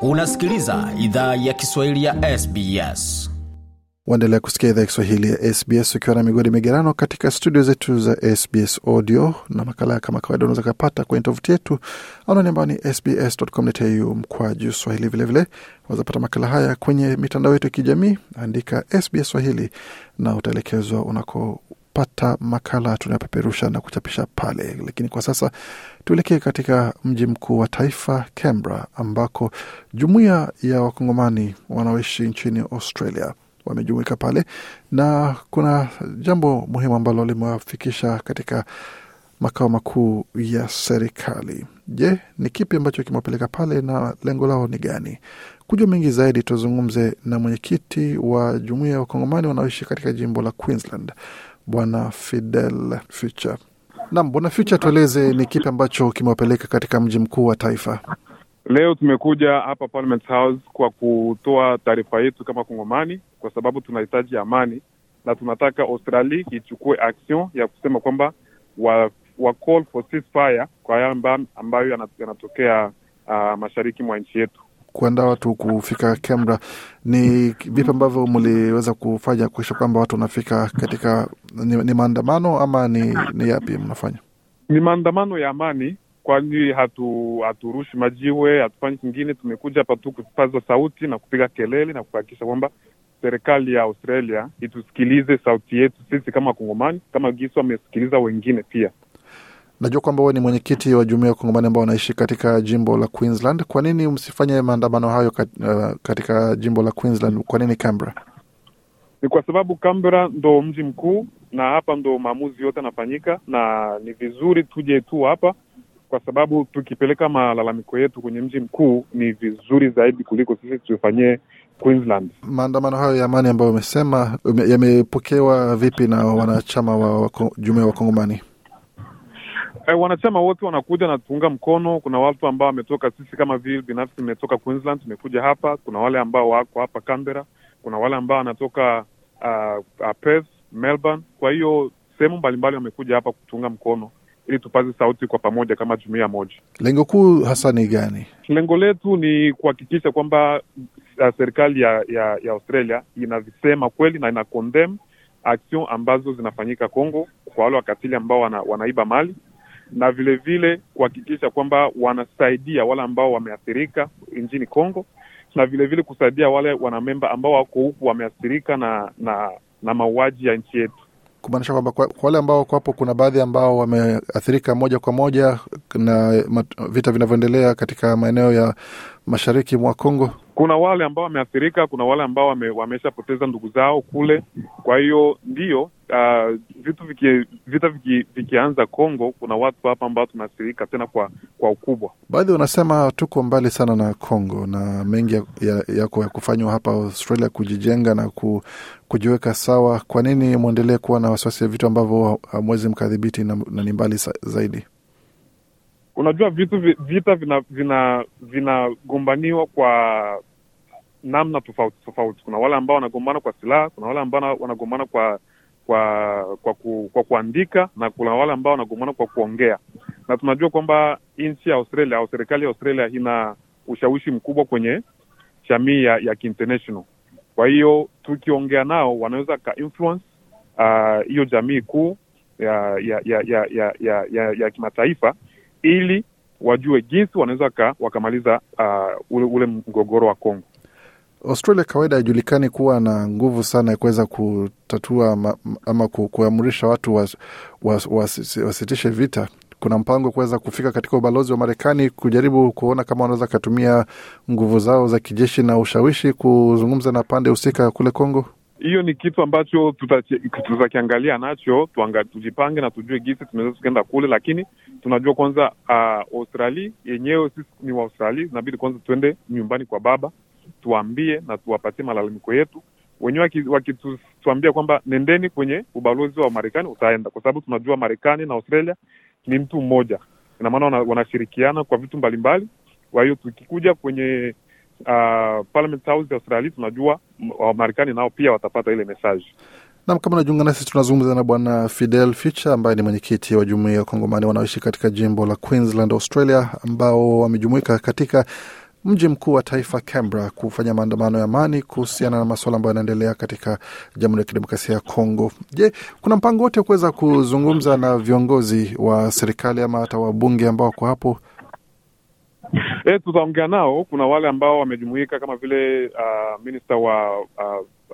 unasikiliza idhaa ya kiswahili ya sbs waendelea kusikia idhaa ya kiswahili ya sbs ukiwa na migodi migerano katika studio zetu za sbs audio na makala kama kawaida unaweza kapata kwenye tovuti yetu anani ambayo ni mkwa juu swahili vilevile wazapata makala haya kwenye mitandao yetu ya kijamii andika sbs swahili na utaelekezwa unako pata makala tunayopeperusha na kuchapisha pale. Lakini kwa sasa tuelekee katika mji mkuu wa taifa Canberra, ambako jumuiya ya wakongomani wanaoishi nchini Australia wamejumuika pale, na kuna jambo muhimu ambalo limewafikisha katika makao makuu ya serikali. Je, ni kipi ambacho kimewapeleka pale na lengo lao ni gani? Kujua mengi zaidi, tuzungumze na mwenyekiti wa jumuiya ya wakongomani wanaoishi katika jimbo la Queensland Bwana Fidel Fuche. Nam Bwana Fuche, tueleze ni kipi ambacho kimewapeleka katika mji mkuu wa taifa leo? Tumekuja hapa Parliament House kwa kutoa taarifa yetu kama Kongomani, kwa sababu tunahitaji amani na tunataka Australia ichukue action ya kusema kwamba wa, wa call for ceasefire kwa yale ambayo yanatokea uh, mashariki mwa nchi yetu kuandaa watu kufika Canberra, ni vipi ambavyo mliweza kufanya kuisha kwamba watu wanafika katika, ni, ni maandamano ama ni, ni yapi mnafanya? Ni maandamano ya amani, kwani hatu haturushi majiwe, hatufanyi kingine. Tumekuja hapa tu kupaza sauti na kupiga kelele na kuhakikisha kwamba serikali ya Australia itusikilize sauti yetu sisi kama Kongomani, kama gisi amesikiliza wengine pia. Najua kwamba wewe ni mwenyekiti wa jumuia ya kongamano ambao wanaishi katika jimbo la Queensland. Kwa nini msifanye maandamano hayo uh, katika jimbo la Queensland? Kwa nini Canberra? Ni kwa sababu Canberra ndo mji mkuu na hapa ndo maamuzi yote yanafanyika, na ni vizuri tuje tu hapa, kwa sababu tukipeleka malalamiko yetu kwenye mji mkuu ni vizuri zaidi kuliko sisi tuifanyie Queensland. Maandamano hayo ya amani ambayo umesema yamepokewa vipi na wanachama wa jumuia ya Wakongomani? Eh, wanachama wote wanakuja na tuunga mkono. Kuna watu ambao wametoka, sisi kama vile binafsi tumetoka Queensland, tumekuja hapa. Kuna wale ambao wako hapa Canberra, kuna wale ambao wanatoka uh, uh, Perth, Melbourne. Kwa hiyo sehemu mbalimbali wamekuja hapa kutuunga mkono ili tupaze sauti kwa pamoja kama jumuia moja. Lengo kuu hasa ni gani? Lengo letu ni kuhakikisha kwamba uh, serikali ya, ya, ya Australia inavisema kweli na ina condemn action ambazo zinafanyika Kongo kwa wale wakatili ambao wana, wanaiba mali na vile vile kuhakikisha kwamba wanasaidia wale ambao wameathirika nchini Kongo, na vile vile kusaidia wale wanamemba ambao wako huku wameathirika na na na mauaji ya nchi yetu, kumaanisha kwamba kwa wale ambao wako hapo, kuna baadhi ambao wameathirika moja kwa moja na vita vinavyoendelea katika maeneo ya mashariki mwa Kongo kuna wale ambao wameathirika, kuna wale ambao wame, wameshapoteza ndugu zao kule. Kwa hiyo ndiyo, uh, ah, vitu viki, vita viki, vikianza Kongo, kuna watu hapa ambao tunaathirika tena kwa kwa ukubwa. Baadhi wanasema tuko mbali sana na Kongo na mengi yako ya, ya, ya kufanywa hapa Australia kujijenga na ku, kujiweka sawa. Kwa nini mwendelee kuwa na wasiwasi ya vitu ambavyo hamwezi mkadhibiti na, na ni mbali zaidi? Unajua vitu vita vinagombaniwa vina, vina kwa namna tofauti tofauti. Kuna wale ambao wanagombana kwa silaha, kuna wale ambao wanagombana kwa kwa kwa, ku, kwa kuandika na kuna wale ambao wanagombana kwa kuongea, na tunajua kwamba nchi ya Australia au serikali ya Australia ina ushawishi mkubwa kwenye jamii ya, ya kiinternational. Kwa hiyo tukiongea nao wanaweza ka influence ah, hiyo uh, jamii kuu ya ya ya ya ya, ya, ya, ya kimataifa ili wajue jinsi wanaweza wakamaliza uh, ule, ule mgogoro wa Kongo. Australia kawaida haijulikani kuwa na nguvu sana ya kuweza kutatua ama, ama kuamrisha watu was, was, was, wasitishe vita. Kuna mpango kuweza kufika katika ubalozi wa Marekani kujaribu kuona kama wanaweza akatumia nguvu zao za kijeshi na ushawishi kuzungumza na pande husika kule Kongo. Hiyo ni kitu ambacho tutakiangalia nacho tujipange na tujue gisi tunaweza tukaenda kule, lakini tunajua kwanza, uh, Australia yenyewe sisi ni Waaustralia, inabidi kwanza tuende nyumbani kwa baba tuambie na tuwapatie malalamiko yetu wenyewe wakituambia kwamba nendeni kwenye ubalozi wa Marekani, utaenda kwa sababu tunajua Marekani na Australia ni mtu mmoja, ina maana wanashirikiana kwa vitu mbalimbali. Kwa hiyo tukikuja kwenye uh, Parliament House ya Australia, tunajua Wamarekani nao pia watapata ile mesaji. Nam, kama unajiunga nasi, tunazungumza na Bwana Fidel fich ambaye ni mwenyekiti wa jumuia ya Wakongomani wanaoishi katika jimbo la Queensland, Australia, ambao wamejumuika katika mji mkuu wa taifa Canberra kufanya maandamano ya amani kuhusiana na masuala ambayo yanaendelea katika Jamhuri ya Kidemokrasia ya Kongo. Je, kuna mpango wote wa kuweza kuzungumza na viongozi wa serikali ama hata wabunge ambao wako hapo? E, tutaongea nao. Kuna wale ambao wamejumuika kama vile uh, ah, minista wa uh,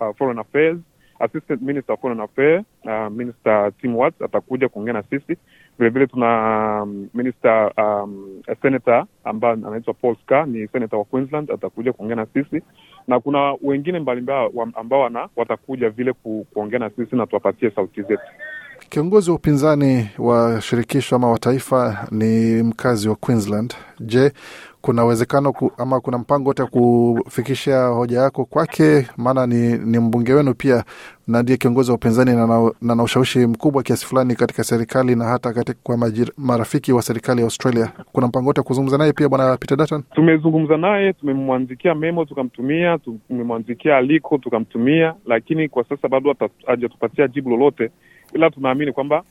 uh, foreign affairs Assistant Minister of Foreign Affairs, uh, Minister Tim Watts atakuja kuongea na sisi. Vilevile tuna um, minister um, senator ambaye anaitwa Paul Scar, ni senator wa Queensland, atakuja kuongea na sisi, na kuna wengine mbalimbali ambao wana watakuja vile ku, kuongea na sisi na tuwapatie sauti zetu. Kiongozi wa upinzani wa shirikisho ama wa taifa ni mkazi wa Queensland. Je, kuna uwezekano ku, ama kuna mpango wote kufikisha hoja yako kwake, maana ni, ni mbunge wenu pia na ndiye kiongozi wa upinzani na na ushawishi mkubwa kiasi fulani katika serikali na hata katika kwa majir, marafiki wa serikali ya Australia. Kuna mpango wote kuzungumza naye pia, bwana Peter Dutton? Tumezungumza naye, tumemwandikia memo tukamtumia, tumemwandikia aliko tukamtumia, lakini kwa sasa bado hajatupatia jibu lolote, ila tunaamini kwamba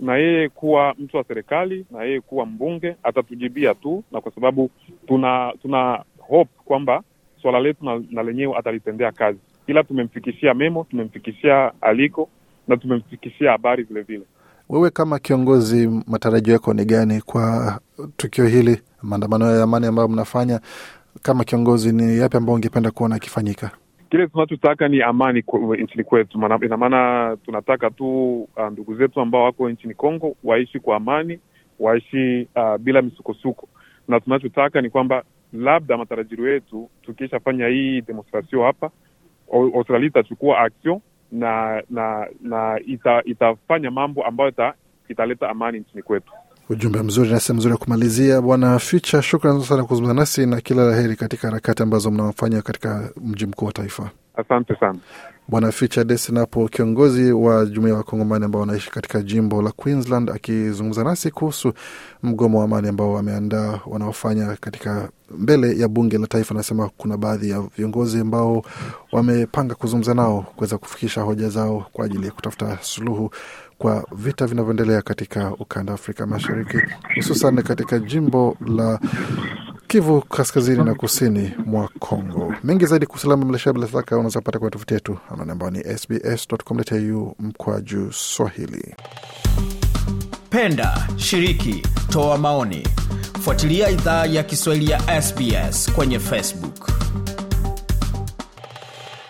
na yeye kuwa mtu wa serikali na yeye kuwa mbunge atatujibia tu, na kwa sababu tuna tuna hope kwamba swala letu na, na lenyewe atalitendea kazi, ila tumemfikishia memo, tumemfikishia aliko na tumemfikishia habari vilevile. Wewe kama kiongozi, matarajio yako ni gani kwa tukio hili, maandamano ya amani ambayo mnafanya? Kama kiongozi, ni yapi ambayo ungependa kuona akifanyika? Kile tunachotaka ni amani nchini kwetu. Ina maana tunataka tu ah, ndugu zetu ambao wako nchini Kongo waishi kwa amani, waishi uh, bila misukosuko, na tunachotaka ni kwamba labda matarajiro yetu tukishafanya hii demonstration hapa, Australia itachukua action na na na ita, itafanya mambo ambayo italeta amani nchini kwetu. Ujumbe mzuri na sehemu mzuri ya kumalizia. Bwana Ficha, shukran sana kuzungumza nasi na kila la heri katika harakati ambazo mnafanya katika mji mkuu wa taifa. Asante sana Bwana Ficha Desinapo, kiongozi wa jumuia ya wakongomani ambao wanaishi katika jimbo la Queensland, akizungumza nasi kuhusu mgomo wa amani ambao wameandaa wanaofanya katika mbele ya bunge la taifa. Anasema kuna baadhi ya viongozi ambao wamepanga kuzungumza nao kuweza kufikisha hoja zao kwa ajili ya kutafuta suluhu kwa vita vinavyoendelea katika ukanda wa Afrika Mashariki, hususan katika jimbo la Kivu Kaskazini na kusini mwa Kongo. Mengi zaidi kusalama mlesha bila shaka unaweza kupata kwenye tovuti yetu anaone ambao ni sbs.com.au mkwa juu Swahili. Penda, shiriki, toa maoni, fuatilia idhaa ya Kiswahili ya SBS kwenye Facebook.